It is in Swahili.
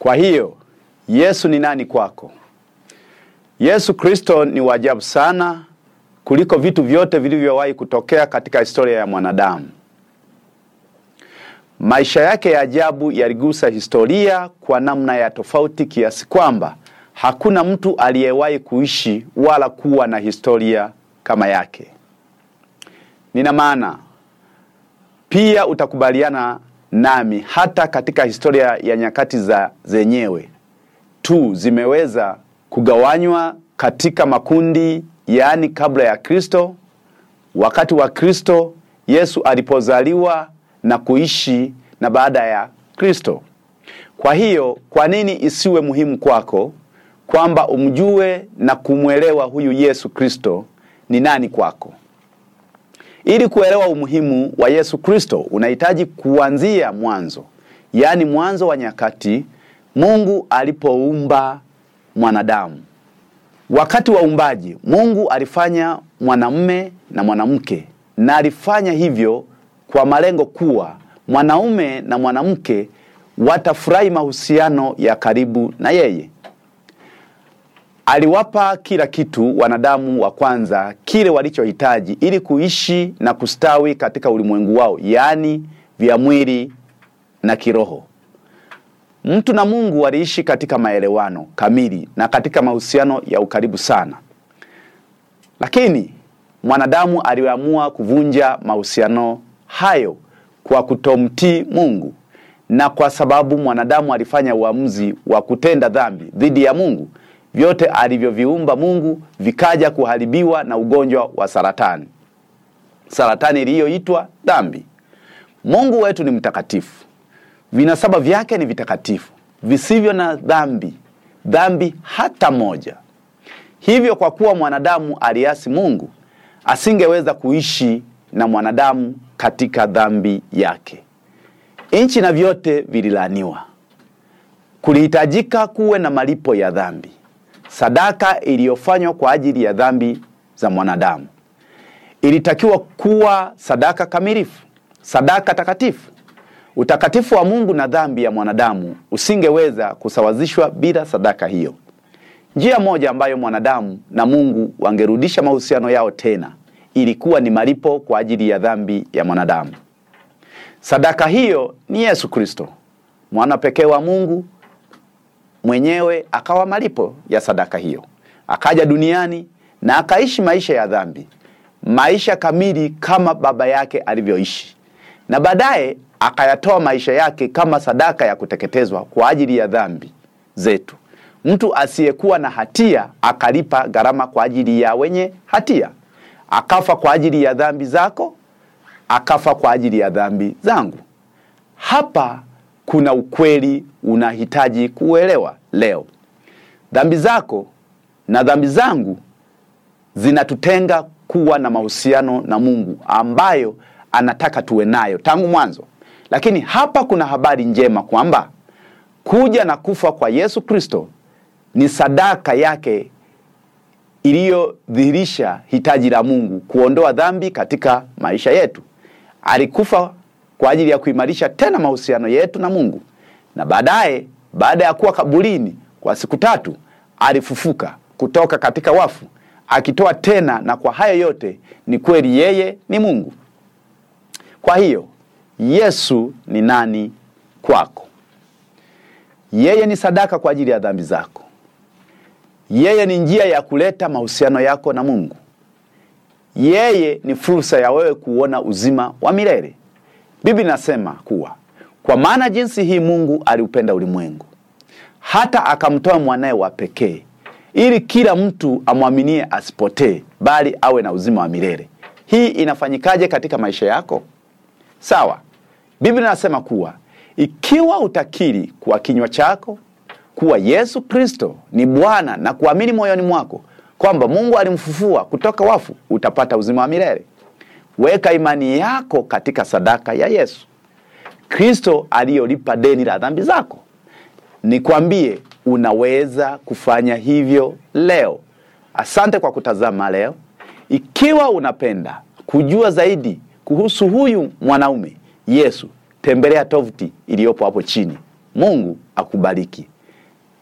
Kwa hiyo Yesu ni nani kwako? Yesu Kristo ni wajabu sana kuliko vitu vyote vilivyowahi kutokea katika historia ya mwanadamu. Maisha yake ya ajabu yaligusa historia kwa namna ya tofauti kiasi kwamba hakuna mtu aliyewahi kuishi wala kuwa na historia kama yake. Nina maana pia utakubaliana nami hata katika historia ya nyakati za zenyewe tu zimeweza kugawanywa katika makundi, yaani kabla ya Kristo, wakati wa Kristo, Yesu alipozaliwa na kuishi, na baada ya Kristo. Kwa hiyo, kwa nini isiwe muhimu kwako kwamba umjue na kumwelewa huyu Yesu Kristo ni nani kwako? Ili kuelewa umuhimu wa Yesu Kristo unahitaji kuanzia mwanzo, yaani mwanzo wa nyakati, Mungu alipoumba mwanadamu. Wakati wa uumbaji, Mungu alifanya mwanamume na mwanamke, na alifanya hivyo kwa malengo kuwa mwanaume na mwanamke watafurahi mahusiano ya karibu na yeye. Aliwapa kila kitu wanadamu wa kwanza kile walichohitaji ili kuishi na kustawi katika ulimwengu wao, yaani vya mwili na kiroho. Mtu na Mungu waliishi katika maelewano kamili na katika mahusiano ya ukaribu sana, lakini mwanadamu aliamua kuvunja mahusiano hayo kwa kutomtii Mungu, na kwa sababu mwanadamu alifanya uamuzi wa kutenda dhambi dhidi ya Mungu vyote alivyoviumba Mungu vikaja kuharibiwa na ugonjwa wa saratani, saratani iliyoitwa dhambi. Mungu wetu ni mtakatifu, vinasaba vyake ni vitakatifu, visivyo na dhambi, dhambi hata moja. Hivyo kwa kuwa mwanadamu aliasi Mungu, asingeweza kuishi na mwanadamu katika dhambi yake. Nchi na vyote vililaaniwa, kulihitajika kuwe na malipo ya dhambi sadaka iliyofanywa kwa ajili ya dhambi za mwanadamu ilitakiwa kuwa sadaka kamilifu, sadaka takatifu. Utakatifu wa Mungu na dhambi ya mwanadamu usingeweza kusawazishwa bila sadaka hiyo. Njia moja ambayo mwanadamu na Mungu wangerudisha mahusiano yao tena ilikuwa ni malipo kwa ajili ya dhambi ya mwanadamu. Sadaka hiyo ni Yesu Kristo, mwana pekee wa Mungu mwenyewe akawa malipo ya sadaka hiyo, akaja duniani na akaishi maisha ya dhambi, maisha kamili kama baba yake alivyoishi, na baadaye akayatoa maisha yake kama sadaka ya kuteketezwa kwa ajili ya dhambi zetu. Mtu asiyekuwa na hatia akalipa gharama kwa ajili ya wenye hatia, akafa kwa ajili ya dhambi zako, akafa kwa ajili ya dhambi zangu. Hapa kuna ukweli unahitaji kuelewa leo. Dhambi zako na dhambi zangu zinatutenga kuwa na mahusiano na Mungu ambayo anataka tuwe nayo tangu mwanzo. Lakini hapa kuna habari njema kwamba kuja na kufa kwa Yesu Kristo ni sadaka yake iliyodhihirisha hitaji la Mungu kuondoa dhambi katika maisha yetu. Alikufa kwa ajili ya kuimarisha tena mahusiano yetu na Mungu. Na baadaye, baada ya kuwa kaburini kwa siku tatu, alifufuka kutoka katika wafu akitoa tena, na kwa hayo yote ni kweli yeye ni Mungu. Kwa hiyo Yesu ni nani kwako? Yeye ni sadaka kwa ajili ya dhambi zako. Yeye ni njia ya kuleta mahusiano yako na Mungu. Yeye ni fursa ya wewe kuona uzima wa milele. Biblia inasema kuwa kwa maana jinsi hii Mungu aliupenda ulimwengu hata akamtoa mwanaye wa pekee ili kila mtu amwaminie asipotee, bali awe na uzima wa milele. Hii inafanyikaje katika maisha yako? Sawa, Biblia inasema kuwa ikiwa utakiri kwa kinywa chako kuwa Yesu Kristo ni Bwana na kuamini moyoni mwako kwamba Mungu alimfufua kutoka wafu, utapata uzima wa milele weka imani yako katika sadaka ya Yesu Kristo aliyolipa deni la dhambi zako. Nikwambie, unaweza kufanya hivyo leo. Asante kwa kutazama leo. Ikiwa unapenda kujua zaidi kuhusu huyu mwanaume Yesu, tembelea tovuti iliyopo hapo chini. Mungu akubariki.